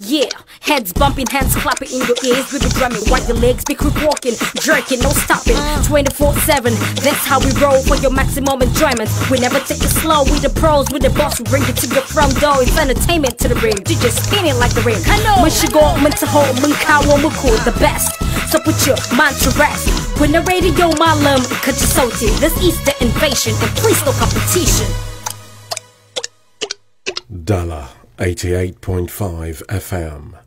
Yeah, heads bumping, hands clapping in your ears, with the drumming while your legs be quick walking, jerking, no stopping, 24-7, that's how we roll for your maximum enjoyment, we never take it slow, we the pros, we the boss, we bring it to your front door, it's entertainment to the ring, you just spin it like the ring, I know, when she go, when to hold, when cow, when cool, the best, so put your mind to rest, when the radio, my lum, cut your salty, this is the invasion, and please no competition. Dollar. 88.5 FM.